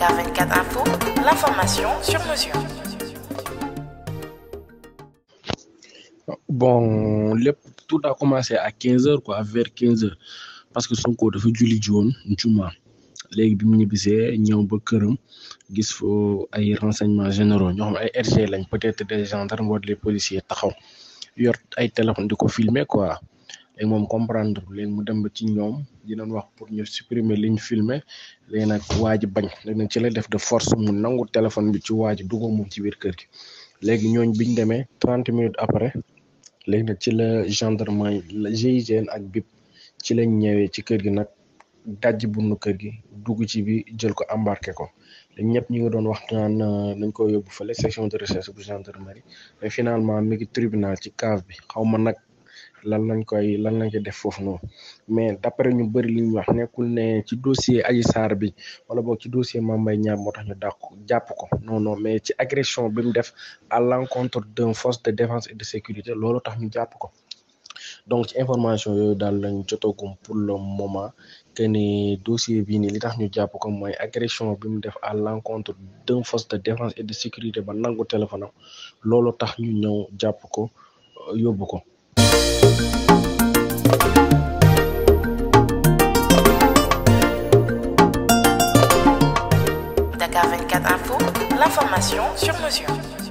24 Info, l'information sur mesure. Bon, tout a commencé à 15h, quoi, vers 15h. Parce que son code, c'est Julie John, Juma, léegi bi mu ñibbisee ñëw ba këram gis fa ay renseignements généraux ñoo xam ay RG peut-être des gendarmes de des policiers taxaw yor ay téléphones di ko filmer quoi léegi moom comprendre léegi mu dem ba ci ñoom di doon wax pour ñu supprimer liñ filmé léegi nag waa bañ léegi nag ci la def de force mu nangu téléphone bi ci waa ji dugoo moom ci biir kër gi léegi ñooñ biñ demee trente minutes après léegi nag ci la gendarmerie la GIGN ak BIP ci lañ ñëwee ci kër gi nag dajji bunnu kër gi dugg ci bi jël ko embarqué ko léegi ñëpp ñi nga doon wax naan euh, nañ ko yóbbu fële section de recherche bu gendarmerie mais finalement mi ngi tribunal ci cave bi xaw ma nag lan lañ koy lan lañ koy def fofu mais d'après ñu bëri li ñu wax nekkul ne ci dossier Ali Sar bi wala bok ci dossier Mamay Mbaye motax ñu japp ko non non mais ci agression bi mu def à l'encontre d'une force de défense et de sécurité lolu tax ñu japp ko donc ci information yooyu dal lañ jotagum pour le moment que ni dossier bi ni li tax ñu japp ko moy agression bi mu def à l'encontre d'un force de défense et de sécurité ba nangu téléphone lolu tax ñu ñew japp ko yóbbu ko Dakar 24 Info, l'information sur mesure.